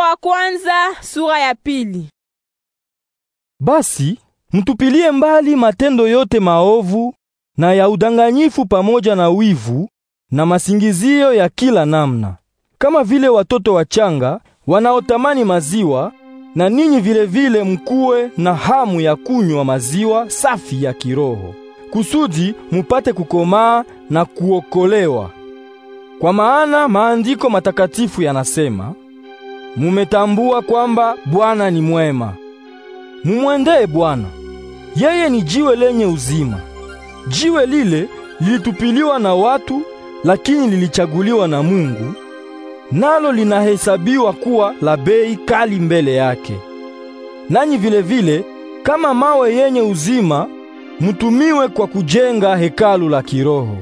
wa kwanza sura ya pili. Basi mtupilie mbali matendo yote maovu na ya udanganyifu pamoja na wivu na masingizio ya kila namna, kama vile watoto wachanga wanaotamani maziwa, na ninyi vile vile mkuwe na hamu ya kunywa maziwa safi ya kiroho, kusudi mupate kukomaa na kuokolewa. Kwa maana maandiko matakatifu yanasema, mumetambua kwamba Bwana ni mwema. Mumwendee Bwana, yeye ni jiwe lenye uzima. Jiwe lile lilitupiliwa na watu, lakini lilichaguliwa na Mungu, nalo linahesabiwa kuwa la bei kali mbele yake. Nanyi vile vile kama mawe yenye uzima mutumiwe kwa kujenga hekalu la kiroho,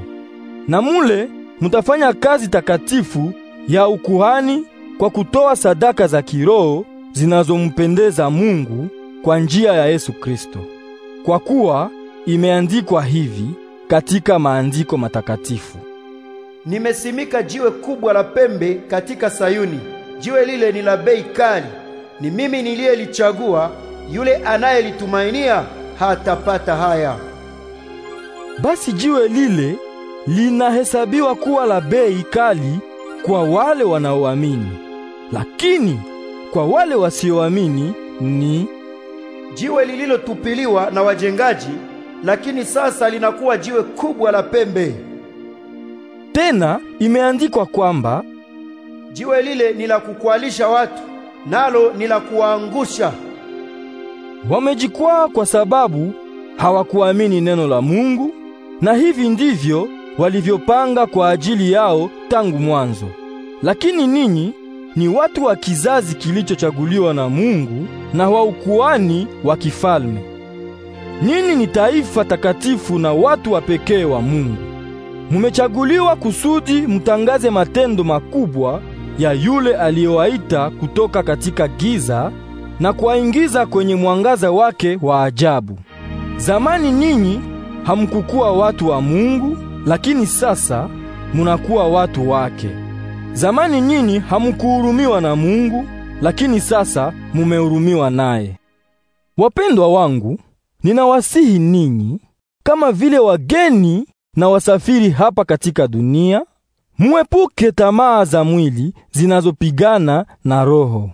na mule mutafanya kazi takatifu ya ukuhani kwa kutoa sadaka za kiroho zinazompendeza Mungu kwa njia ya Yesu Kristo. Kwa kuwa imeandikwa hivi katika maandiko matakatifu: Nimesimika jiwe kubwa la pembe katika Sayuni, jiwe lile ni la bei kali. Ni mimi niliyelichagua, yule anayelitumainia hatapata haya. Basi jiwe lile linahesabiwa kuwa la bei kali kwa wale wanaoamini. Lakini kwa wale wasioamini ni jiwe lililotupiliwa na wajengaji, lakini sasa linakuwa jiwe kubwa la pembe. Tena imeandikwa kwamba jiwe lile ni la kukwalisha watu, nalo ni la kuwaangusha. Wamejikwaa kwa sababu hawakuamini neno la Mungu, na hivi ndivyo walivyopanga kwa ajili yao tangu mwanzo. Lakini ninyi ni watu wa kizazi kilichochaguliwa na Mungu na wa ukuani wa kifalme. nini ni taifa takatifu na watu wa pekee wa Mungu. Mumechaguliwa kusudi mtangaze matendo makubwa ya yule aliyowaita kutoka katika giza na kuwaingiza kwenye mwangaza wake wa ajabu. Zamani ninyi hamkukuwa watu wa Mungu, lakini sasa munakuwa watu wake. Zamani nyinyi hamkuhurumiwa na Mungu, lakini sasa mumehurumiwa naye. Wapendwa wangu, ninawasihi ninyi kama vile wageni na wasafiri hapa katika dunia, muepuke tamaa za mwili zinazopigana na roho.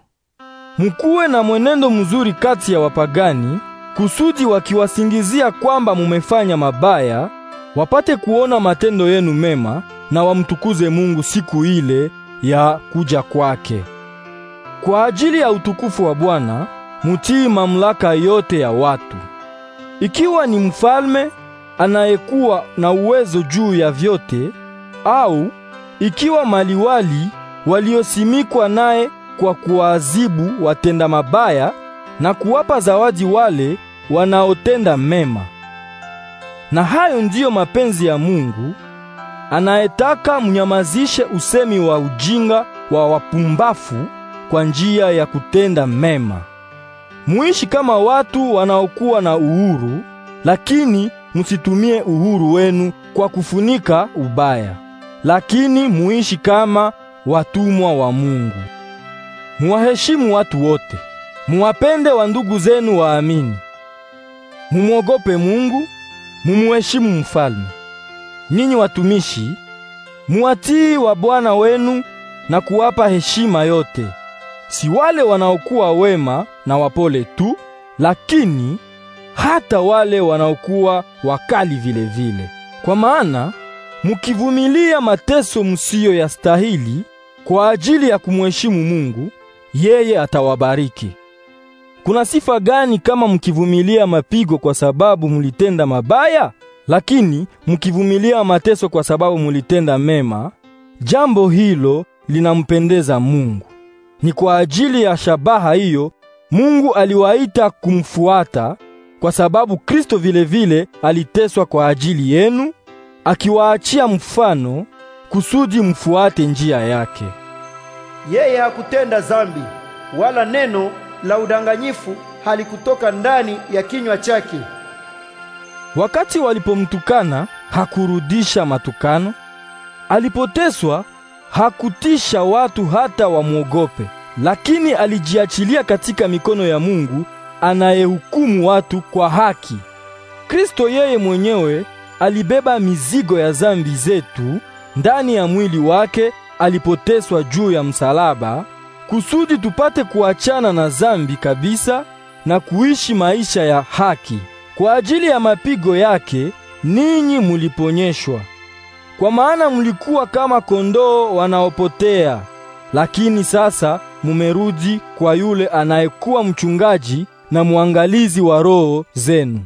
Mkuwe na mwenendo mzuri kati ya wapagani, kusudi wakiwasingizia kwamba mumefanya mabaya, wapate kuona matendo yenu mema na wamtukuze Mungu siku ile ya kuja kwake. Kwa ajili ya utukufu wa Bwana, mutii mamlaka yote ya watu. Ikiwa ni mfalme anayekuwa na uwezo juu ya vyote au ikiwa maliwali waliosimikwa naye kwa kuwaadhibu watenda mabaya na kuwapa zawadi wale wanaotenda mema. Na hayo ndiyo mapenzi ya Mungu anayetaka mnyamazishe usemi wa ujinga wa wapumbafu kwa njia ya kutenda mema. Muishi kama watu wanaokuwa na uhuru, lakini msitumie uhuru wenu kwa kufunika ubaya, lakini muishi kama watumwa wa Mungu. Muwaheshimu watu wote, muwapende wa ndugu zenu waamini, mumwogope Mungu, mumuheshimu mfalme. Ninyi watumishi, muwatii wa bwana wenu na kuwapa heshima yote, si wale wanaokuwa wema na wapole tu, lakini hata wale wanaokuwa wakali vile vile. Kwa maana mukivumilia mateso ya stahili kwa ajili ya kumheshimu Mungu, yeye atawabariki. Kuna sifa gani kama mkivumilia mapigo kwa sababu mulitenda mabaya? Lakini mkivumilia mateso kwa sababu mulitenda mema, jambo hilo linampendeza Mungu. Ni kwa ajili ya shabaha hiyo Mungu aliwaita kumfuata, kwa sababu Kristo vilevile aliteswa kwa ajili yenu, akiwaachia mfano kusudi mfuate njia yake. Yeye hakutenda zambi, wala neno la udanganyifu halikutoka ndani ya kinywa chake. Wakati walipomtukana hakurudisha matukano, alipoteswa hakutisha watu hata wamwogope, lakini alijiachilia katika mikono ya Mungu anayehukumu watu kwa haki. Kristo yeye mwenyewe alibeba mizigo ya zambi zetu ndani ya mwili wake alipoteswa juu ya msalaba, kusudi tupate kuachana na zambi kabisa na kuishi maisha ya haki. Kwa ajili ya mapigo yake ninyi muliponyeshwa, kwa maana mulikuwa kama kondoo wanaopotea, lakini sasa mumerudi kwa yule anayekuwa mchungaji na mwangalizi wa roho zenu.